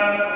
Thank you.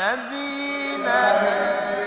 الذين آمنوا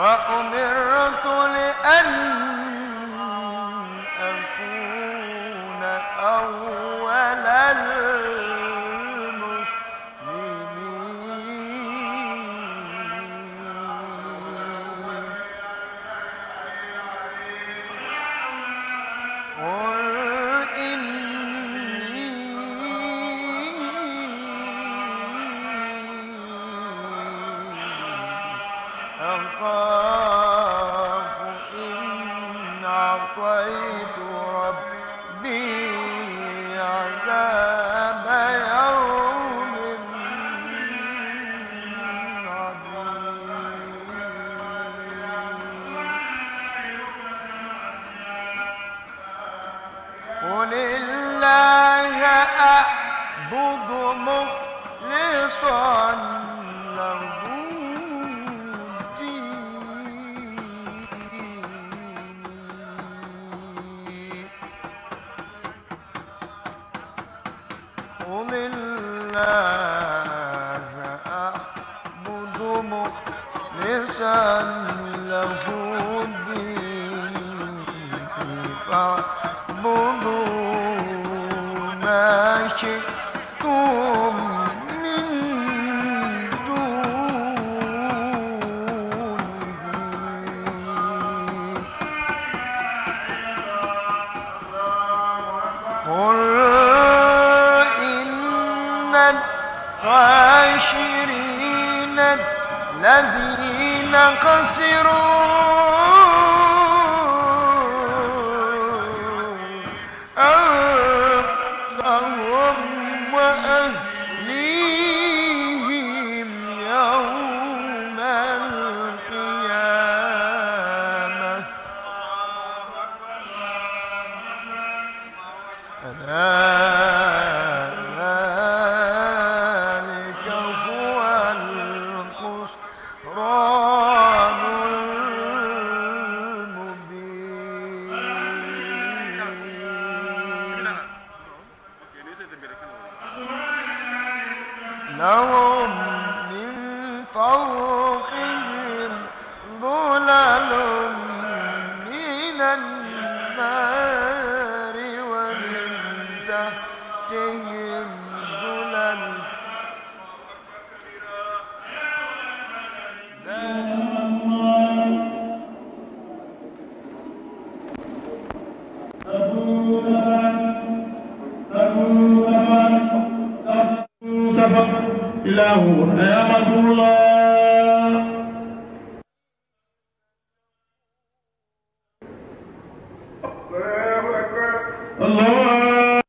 وأمرت لأن Allah.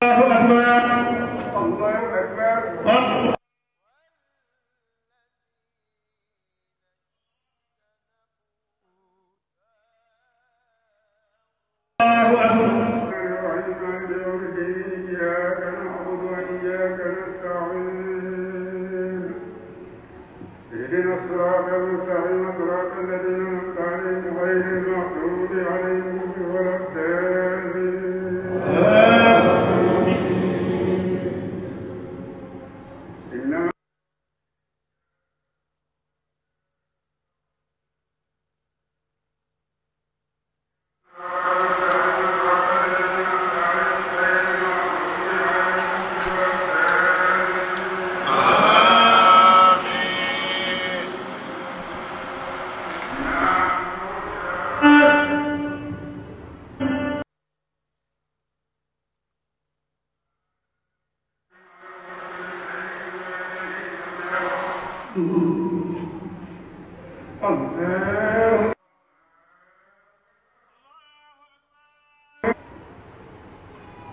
Allah.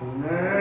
Amen.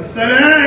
السلام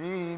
need.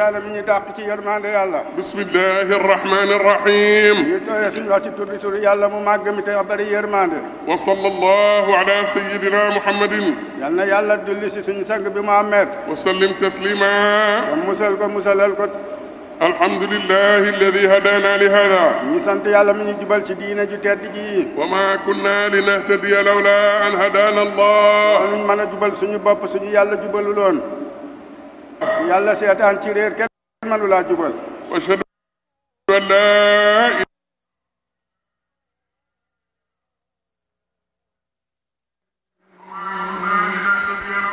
تعالى من يداك تيار مان ديالا بسم الله الرحمن الرحيم يتوري في الوقت تولي تولي يالا مماغ متي أبري يار مان دي وصلى الله على سيدنا محمد يالا يالا دولي سيسن سنك بمعمد وسلم تسليما ومسل ومسل الكت الحمد لله الذي هدانا لهذا نسانت يالا من يجبل شدينا جتاتي وما كنا لنهتدي لولا أن هدانا الله ومن من جبل سنو باب سنو يالا جبل لون واشهد ان لا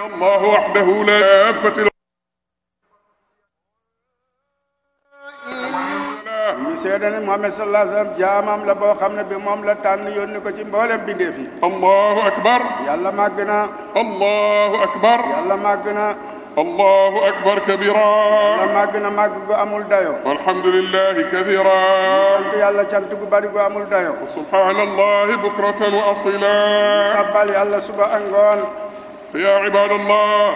الله وحده لا فتل سيدنا محمد صلى الله عليه وسلم جامام لا بو بي لا تان يوني كو سي مبولم الله اكبر يالا ماغنا الله اكبر يالا ماغنا الله أكبر كبيرا مغنا والحمد لله كبيرا سنت سبحان الله بكرة واصيلا يا عباد الله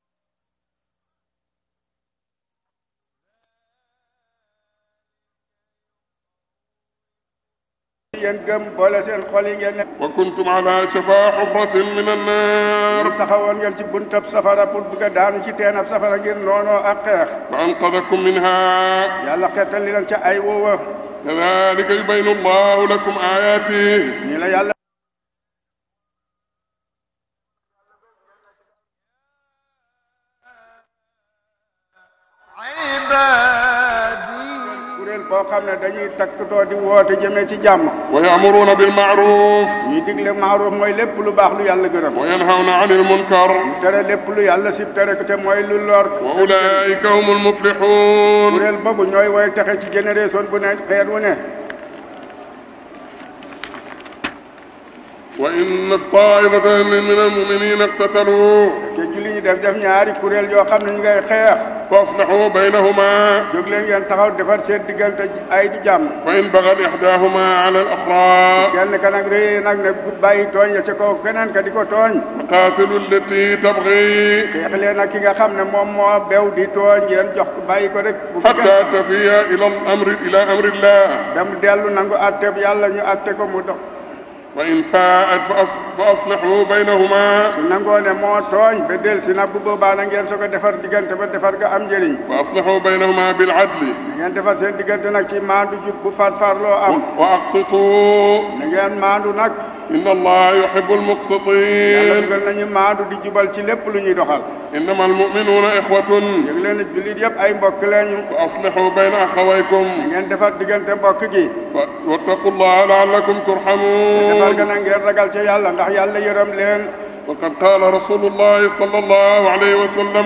وكنتم على شفا حفرة من النار تخوان ين تبون تب سفر بود بك دان كتير نب سفر غير نونو أكح فأنقذكم منها يا لقيت اللي نش أيوة كذلك يبين الله لكم آياته نلا يلا ويامرون بالمعروف وينهون عن المنكر وأولئك هم المفلحون وان الطائفة من المؤمنين اقتتلوا فاصلحوا بينهما جوغلين يان تاخاو ديفار سين ديغال اي دي جام فين بغى احداهما على الاخرى كان كان غري ناك نك باي توغ يا كو كنان كا ديكو توغ قاتل التي تبغي كيخلي ناك كيغا خامن موم مو بيو دي توغ يان جوخ باي كو ريك حتى تفيا الى الامر الى امر الله دم ديلو نانغو اتيب يالا ني اتيكو مو دوخ وإن فاءت فأصلحوا بينهما بدل با سوكو ديفار با ديفار كا ام جيرين فأصلحوا بينهما بالعدل ديفار سين نك سي ماندو جوب بو فار فار لو ام واقسطوا ماندو نك إن الله يحب المقسطين يقول إنما المؤمنون إخوة يقول فأصلحوا بين أخويكم واتقوا الله لعلكم ترحمون وقد قال رسول الله صلى الله عليه وسلم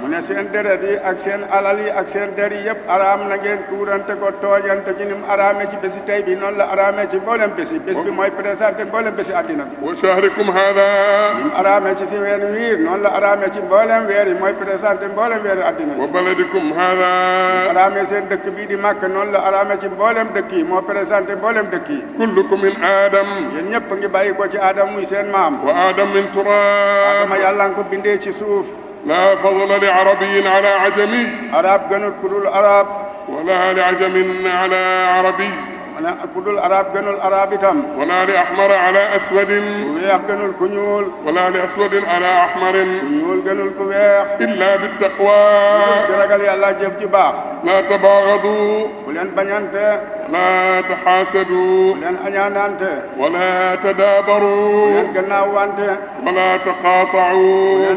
mu ne seen deret ak seen alal ak seen der yi yëpp araam na ngeen tuurante ko tooñante ci ni mu araamee ci bési noonu la araamee ci mboolem bési bés bi mooy présenté mboolem bési àddina bi wa shahrikum hada ni mu araamee ci ween wiir noonu la araamee ci mboolem mooy présenté mboolem weer yi wa baladikum hada araamee seen dëkk bii di màkk noonu la araamee ci mboolem dëkk yi moo présenté mboolem dëkk yi kullukum min aadam yéen ñëpp ngi bàyyi ko ci aadam muy seen maam wa aadam min turab aadama yàlla nga ci suuf لا فضل لعربي على عجمي العرب جنود كل العرب ولا لعجم على عربي انا كل العرب كانوا العرب تام ولا لاحمر على اسود كويخ كانوا الكنيول ولا لاسود على احمر كنيول كانوا الكويخ الا بالتقوى شرقل يلا جيف جباخ لا تباغضوا ولا تحاسدوا ولان انيان ولا تدابروا ولان كناو ولا تقاطعوا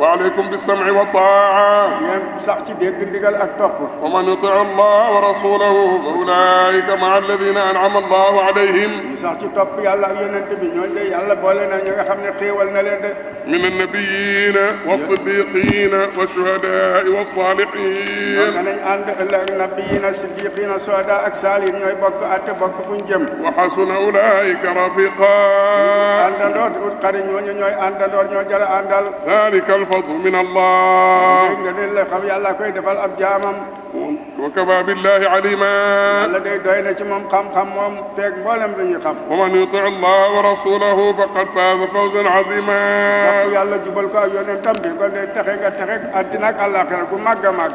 وعليكم بالسمع والطاعه ومن يطع الله ورسوله فاولئك مع الذين انعم الله عليهم من النبيين والصديقين والشهداء والصالحين وحسن اولئك رفيقا ñooy àndandoor ñoo jara àndal dalika alfadlu min allah dégg nga ne la xam yàlla koy defal ab jaamam wa kafa billahi alima yàlla day doy na ci moom xam-xam moom peeg mboolem lu ñu xam wa man yuti allah wa rasulahu faqad faaza fawzan azima wax yàlla jubal ko ak yonentam bi kon day texe nga texe àddina ak àllaaxira gu màgg a màgg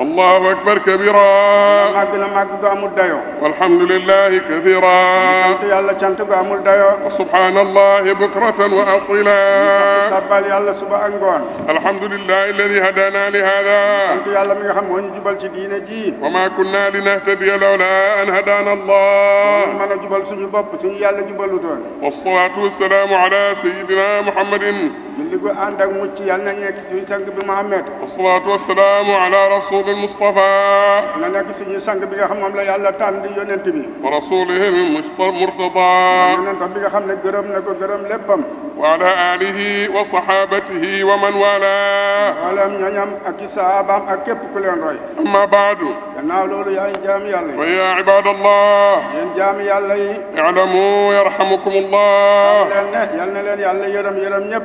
الله أكبر كبيرا والحمد لله كثيرا سبحان الله بكرة وأصيلا الحمد لله الذي هدانا لهذا وما كنا لنهتدي لولا أن هدانا الله والصلاة والسلام على سيدنا محمد julli gu ànd ak mucc yal na nekk suñu sang bi Muhammad wasalaatu wasalaamu ala rasuli lmustafa na nekk suñu sang bi nga xam moom la yàlla tànn di yonent bi wa rasulihi lmurtada yonentam bi nga xam ne gërëm na ko gërëm léppam wa ala alihi wa sahabatihi wa man wala walam ñoñam ak i sahabaam ak képp ku leen roy amma baadu gannaaw loolu yaa ngi jaam yàlla yi wa ya ibadallah yéen jaam yàlla yi i'lamu yarhamukum allah yal na leen yàlla yërëm yërëm ñëpp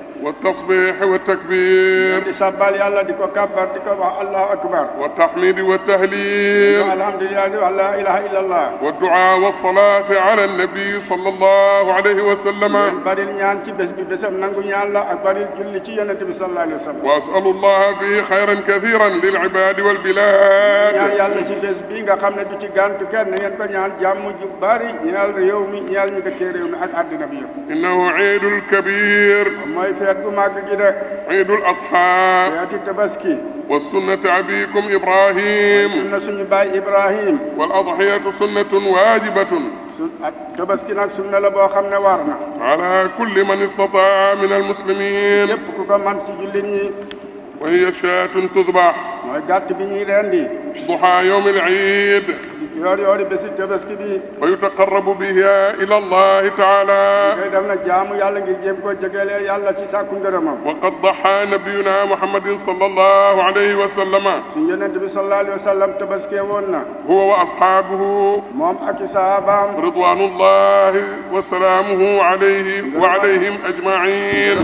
والتصبيح والتكبير دي سبال يالا ديكو كبر ديكو الله أكبر والتحميد والتهليل الحمد لله لا إله إلا الله والدعاء والصلاة على النبي صلى الله عليه وسلم بارل نيان تي بس بي بسم نانغو نيان لا أكبر الجل تي بي صلى الله عليه وسلم وأسأل الله فيه خيرا كثيرا للعباد والبلاد يا يالا تي بس بيغا nga دي du غانتو gantu kenn كو نيان جامو جو باري نيال ñal rew mi ñal ñu ko té rew mi ak adina bi innahu eidul kabir moy يدو عيد الأضحى ياتي تبسكي والسنة أبيكم إبراهيم سنة سنة باي إبراهيم والأضحية سنة واجبة تبسكي ناك سنة لبو خمنا وارنا على كل من استطاع من المسلمين يبقى كمان سجلني وهي شاة تذبح وقات بني راندي ضحى يوم العيد ويتقرب بها إلى الله تعالى وقد ضحى نبينا محمد صلى الله عليه وسلم هو وأصحابه رضوان الله وسلامه عليه وعليهم أجمعين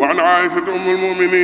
وعن عائشة أم المؤمنين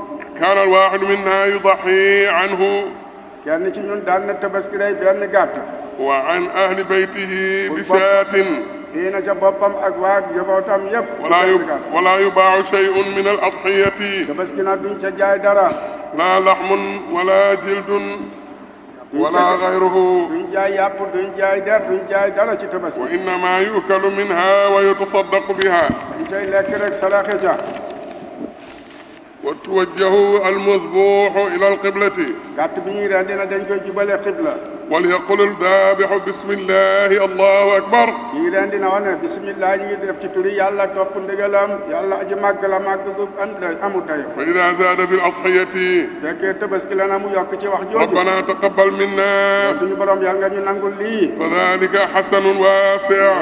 كان الواحد منا يضحي عنه كان شنون دان تبسكري بن غات وعن اهل بيته بشاة هنا جبابم اكواك جبوتام يب ولا يب ولا يباع شيء من الاضحيه تبسكنا دون جاي دارا لا لحم ولا جلد ولا غيره وإنما يؤكل منها ويتصدق بها وتوجه المذبوح الى القبلة وليقل الذابح بسم الله الله اكبر فاذا زاد في الأضحية ربنا تقبل منا فذلك حسن واسع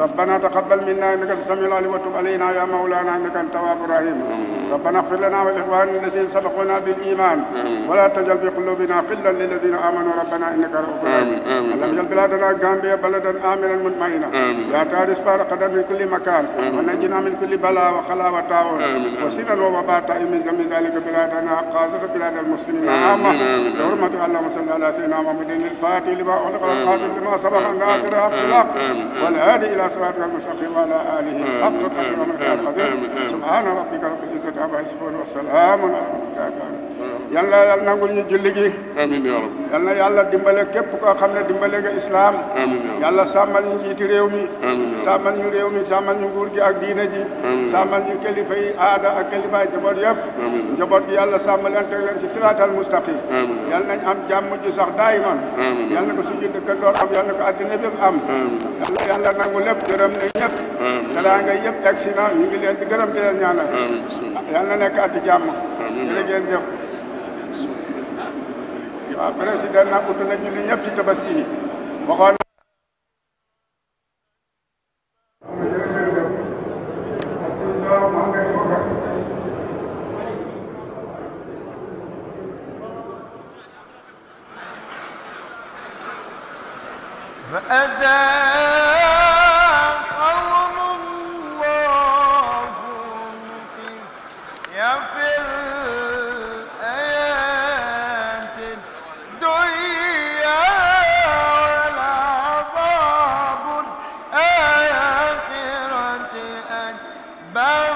ربنا تقبل منا انك السميع العليم وتب علينا يا مولانا انك انت التواب الرحيم ربنا اغفر لنا ولاخواننا الذين سبقونا بالايمان ولا تجعل في قلوبنا قلا للذين امنوا ربنا انك رؤوف رحيم اللهم اجعل بلادنا غامبيا بلدا امنا مطمئنا يا تارس بار قدم من كل مكان ونجنا من كل بلاء وخلا وتعاون وسنا ووباء من جميع ذلك بلادنا خاصه بلاد المسلمين عامه بحرمه اللهم صل على سيدنا محمد الفاتح لما اغلق القادر لما سبق الناصر الحق والهادي الى صراطك المستقيم وعلى آله حق قدر ومقدار قدير سبحان ربك رب العزة عما يصفون وسلام على المرسلين yal na yàlla nangul ñu julli gi amiin yaa rabbi yal na yàlla dimbale képp koo xam ne dimbale nga islaam amiin yaa rabbi yàlla sàmmal ñu njiiti réew mi sàmmal ñu réew mi sàmmal ñu nguur gi ak diine ji sàmmal ñu kilifa yi aada ak kilifa yi njaboot yëpp njaboot gi yàlla sàmmal leen teg leen ci siraatal mustaqim yal nañ am jàmm ju sax daayiman yal na ko suñu dëkkandoor am yal na ko addina bépp am yal na yàlla nangu lépp gërëm na ñëpp teraanga yëpp egsi na ñu ngi leen di gërëm di leen ñaanal yal na nekk ati jàmm jërëjëf waaw président nag utu na julli ñëpp ci tabaski yi waxoon Bye.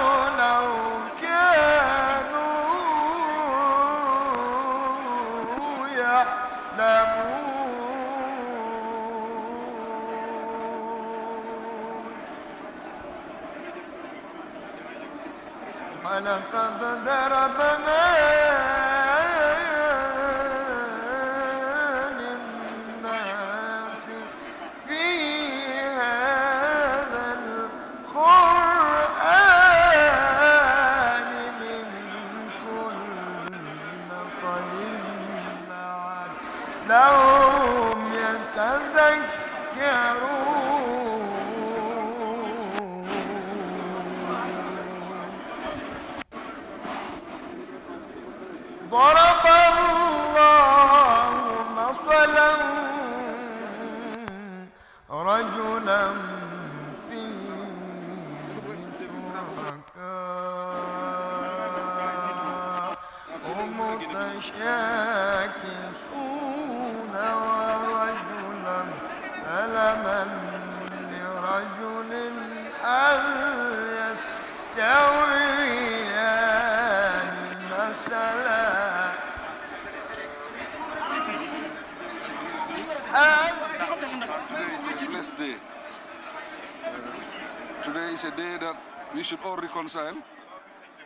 concern,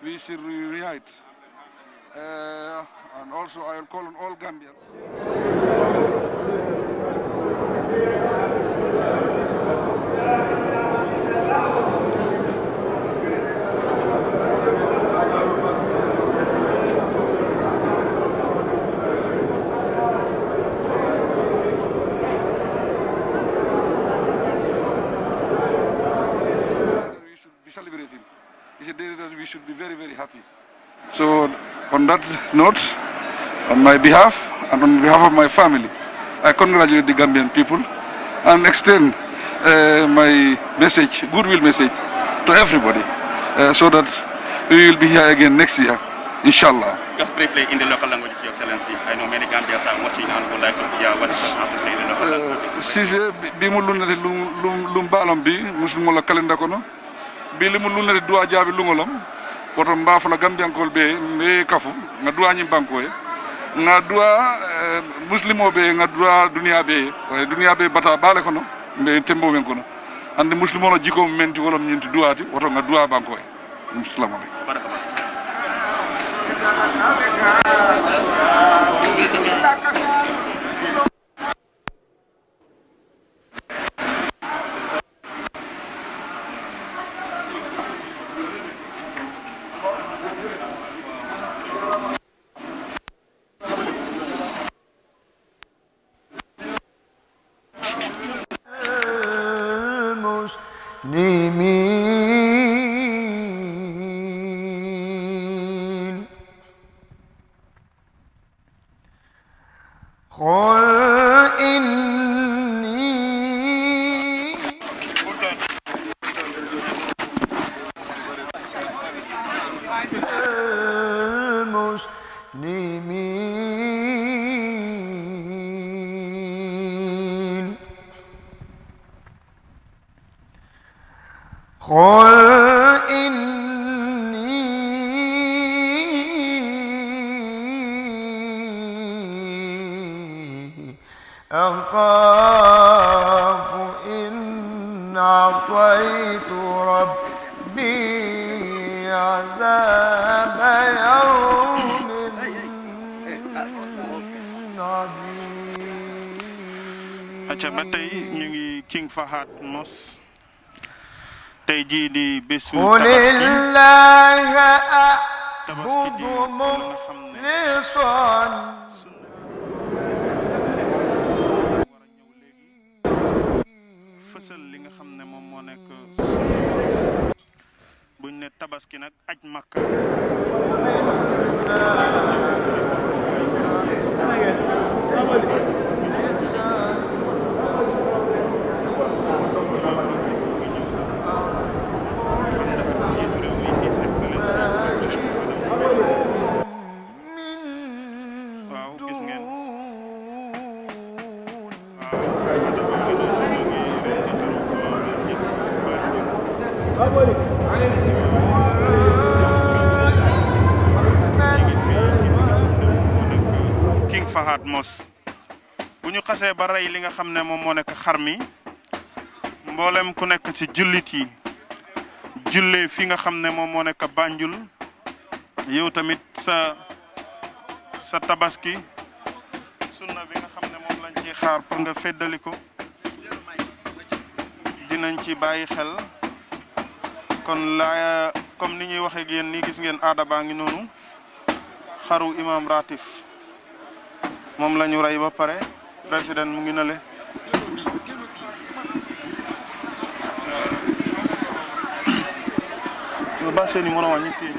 we should reunite. Uh, and also I will call on all Gambians. a day that we should be very, very happy. So on that note, on my behalf and on behalf of my family, I congratulate the Gambian people and extend uh, my message, goodwill message to everybody uh, so that we will be here again next year, inshallah. Just briefly in the local language, Your Excellency. I know many Gambians are watching and would like to hear what you have to say in the local language. Sise, bimulunere lumbalombi, muslumola ko no. bilimo lunere duwa jaabi luŋolom woto mbaafula gambiyankol ɓe me kafu nga duwañim banko e nga duwa eh, muslim be nga duwa dunia ɓe wayi eh, duniya ɓe bata baale kono mbe tembo men kono ande muslim ono jiko menti wolom ñinti duwati woto nga duwa banko e assalamu aleykum Nimi Gini Patmos bu ñu xasee ba rey li nga xam ne moom moo nekk xar mi ku ci yi fi nga Banjul yow tamit sa sa tabaski sunna bi nga xam ne moom lañ ciy xaar pour nga dinañ ci xel kon la comme ni ñuy waxee ak yéen nii gis ngeen ngi xaru imam ratif moom la ñu rey ba pare président mu ngi na le ba seen i mën a wàññi téye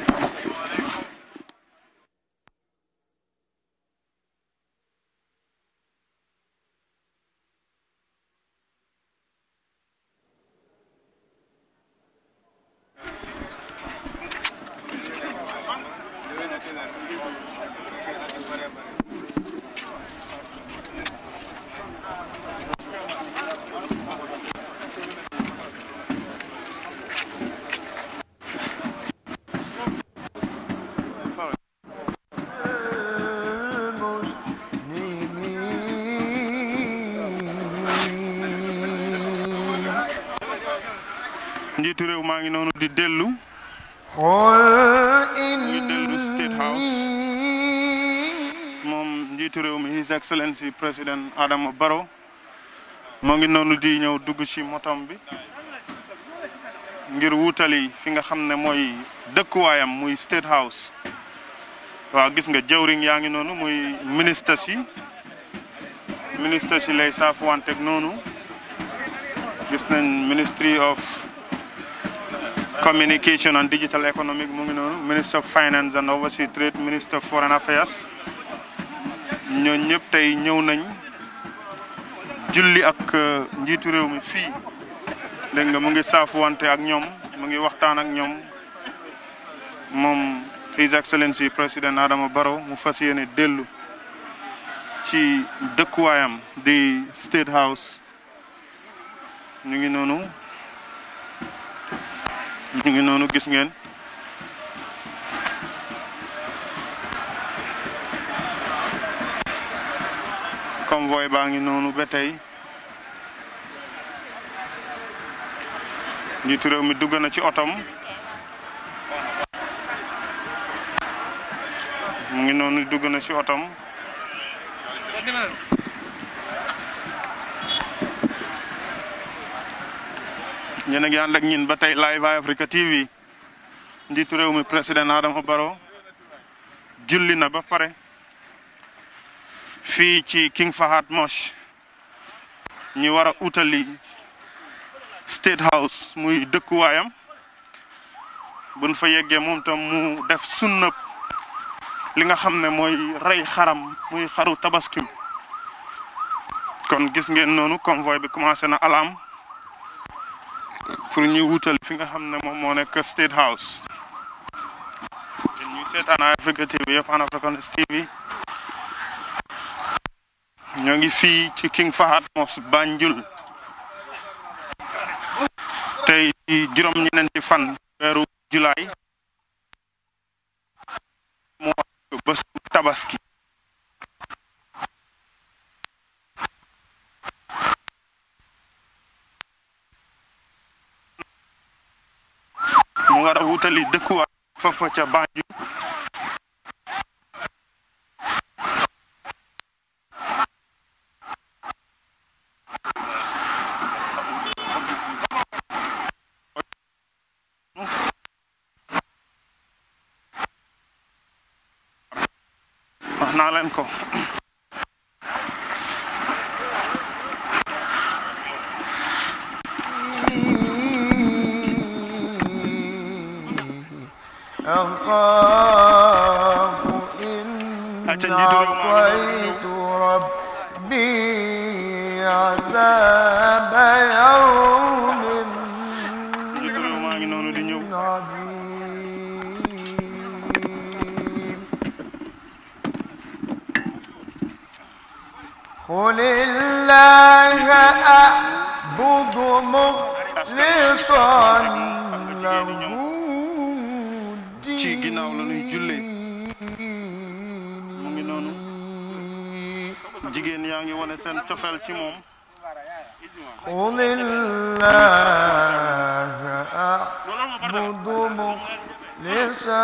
njiitu réew maa ngi noonu di dellu. ñu dellu State House moom njiitu réew mi His Excellency président Adama Barrow moo ngi noonu di ñëw dugg ci motom bi ngir wuutali fi nga xam ne mooy dëkkuwaayam muy State House waaw gis nga jawriñ yaa ngi noonu muy ministre si ministre si lay saafuwanteeg noonu gis nañ ministry of Communication and Digital Economic mu ngi noonu Minister of Finance and Overseas Trade Minister of Foreign Affairs ñooñu ñëpp tey ñëw nañ julli ak uh, njiitu réew mi fii dégg nga mu ngi saafuwante ak ñoom mu ngi waxtaan ak ñoom moom His Excellency President Adama Barrow mu fas yéene dellu ci dëkkuwaayam di State House ñu ngi noonu. ñu ngi noonu gis ngeen convoy baa ngi noonu ba tey njiitu réew mi dugg na ci otom mu ngi noonu dugg na ci otom yéen a ngi ànd ak ñin ba tey live Africa TV njiitu réew mi président Adama baro julli na ba pare fii ci King Fahad Mosque ñu war a utali State House muy dëkkuwaayam buñ fa yeggee moom tam mu def sunnab li nga xam ne mooy rey xaram muy xaru tabaskim kon gis ngeen noonu convoy bi commencé na alam pour ñu wutal fi nga xamne mom mo nek State House ñu an Africa TV Pan African TV ñu ngi fi ci King Fahad mos Banjul tey ñeneen ñeenti fan wéru julaay Mo bés tabaski mu war a wutali dëkkuwaay foofa ca Banjul wax naa leen ko أخاف إن عصيت ربي عذاب يوم عظيم قل الله أعبد مخلصا له ci ginnaaw la ñuy jullee mu ngi noonu jigéen yaa ngi wane seen ci moom قل الله أعبد مخلصا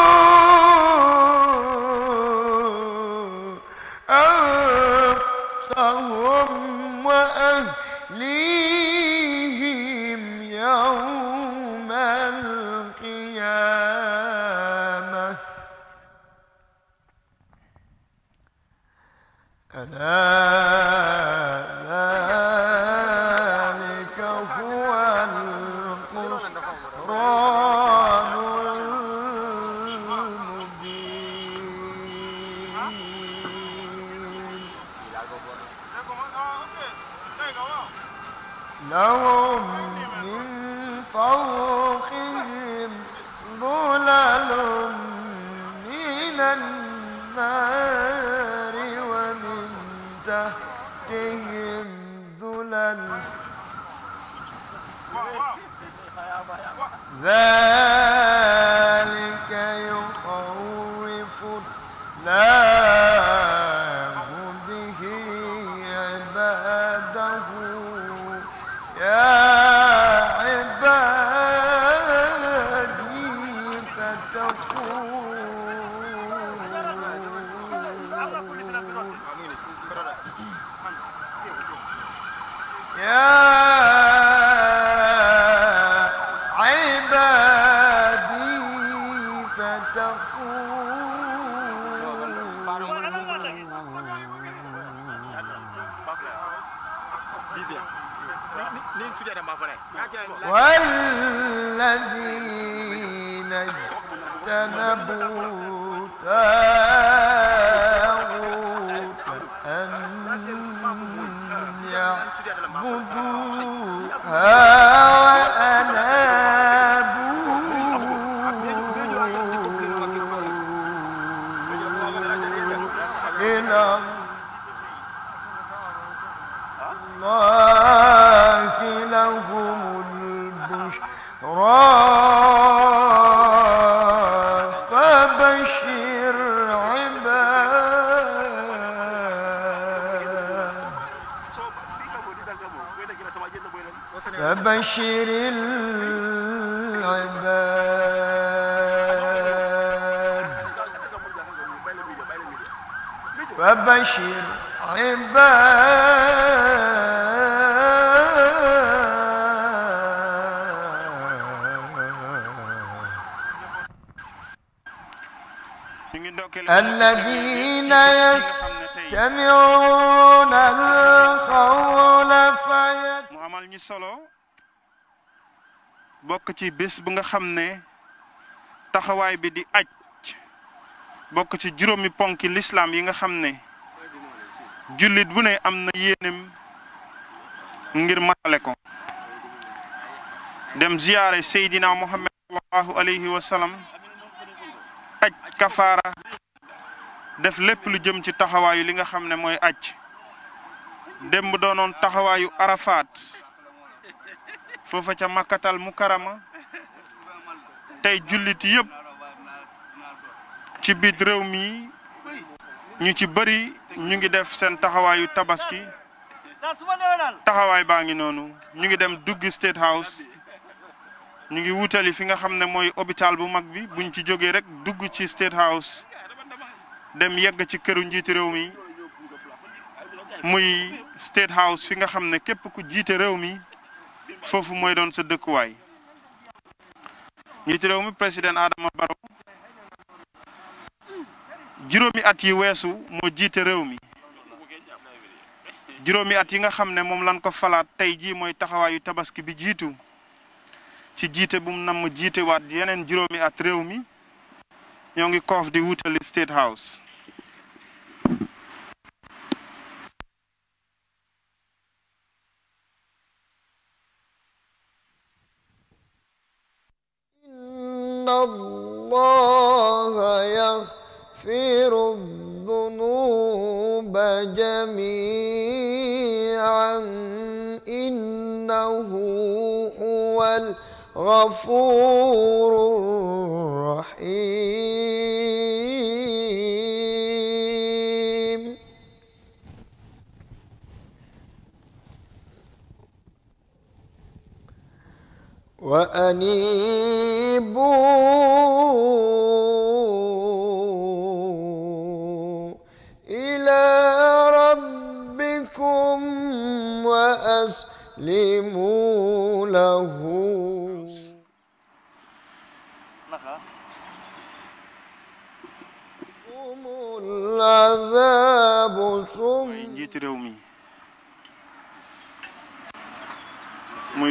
والذين اجتنبوا تاغوت أن يعبدوها الذين يستمعون القول فيت مو عمل ني سولو بوك تي بيس بوغا خامني تخاواي بي دي اج بوك تي جيرومي بونكي الاسلام ييغا خامني جوليت بو ني امنا يينم ngir matale ko dem ziaré sayidina muhammad sallallahu alayhi wa sallam aj kafara def lépp lu jëm ci taxawaayu li nga xam ne mooy àcc démb doonoon taxawaayu arafaat foofa ca makkatal mukarama tey jullit yëpp ci biit réew mi ñu ci bari ñu ngi def seen taxawaayu tabaski taxawaay baa ngi noonu ñu ngi dem duggi State House ñu ngi wutali fi nga xam ne mooy hôpital bu mag bi buñ ci jógee rek dugg ci State House dem yegg ci këru njiiti réew mi muy State House fi nga xam ne képp ku jiite réew mi foofu mooy doon sa dëkkuwaay. njiiti réew mi président Adama Barrow juróomi at yi weesu moo jiite réew mi juróomi at yi nga xam ne moom lan ko falaat tey jii mooy taxawaayu tabaski bi jiitu ci jiite bu nam namm jiite waat yeneen juróomi at réew mi Young ngi koof hotel wutali State House inna allaha yaghfiru dhunuba jami'an innahu huwal ghafurur وأنيبوا إلى ربكم وأسلموا له العذاب ثم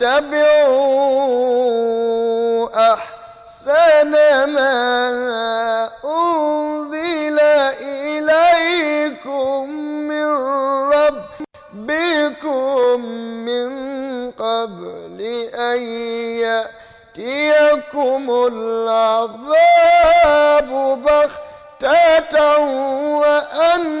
واتبعوا أحسن ما أنزل إليكم من ربكم من قبل أن يأتيكم العذاب بغتة وأن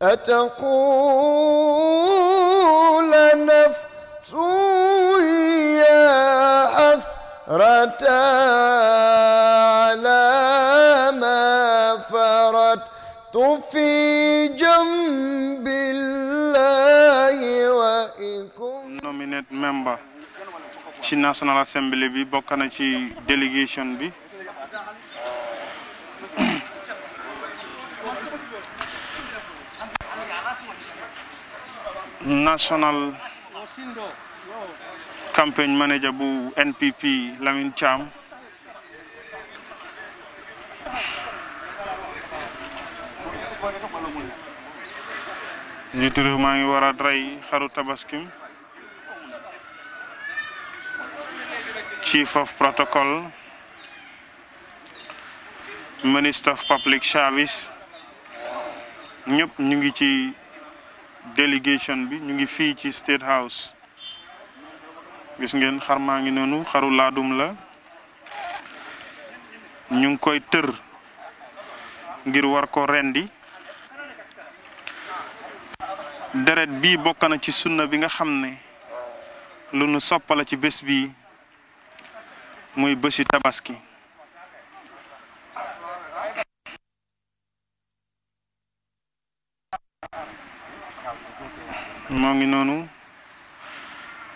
Atanò la naf toatrata la farat ton fi jombil lawa eko. Nominè M Chi National A Assemblye vi bòkana ci Degation B. national campaign manager bu NPP Lamine Cham njiitu réew ma ngi wara xaru tabaskim chief of protocol minister of public service ñep ñu ngi ci délégation bi ñu ngi fii ci State House gis ngeen xar maa ngi noonu xaru laadum la ñu ngi koy tër ngir war ko rendi deret bii bokk na ci sunna bi nga xam ne lu nu soppala ci bés bii muy bési tabaski ñoo ngi noonu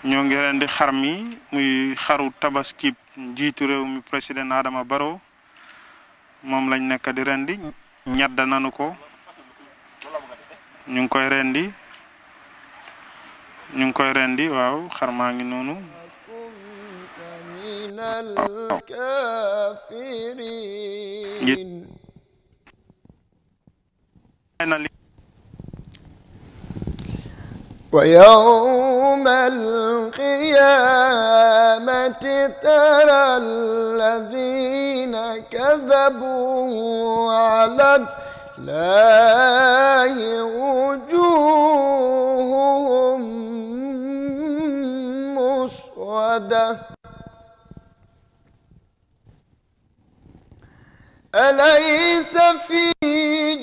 ñoo ngi rendi xar mi muy xaru tabaski jiitu réew mi président Adama baro moom lañ nekk di rendi ñadd nanu ko ñu ngi koy rendi ñu ngi koy rendi waaw xar maa ngi noonu na li ويوم القيامة ترى الذين كذبوا على الله وجوههم مسودة أليس في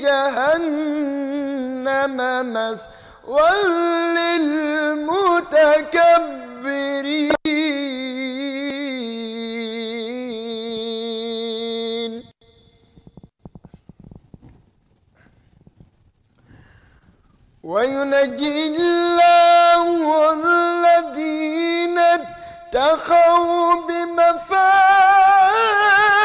جهنم مسجد وللمتكبرين وينجي الله الذين اتخوا بمفاتيح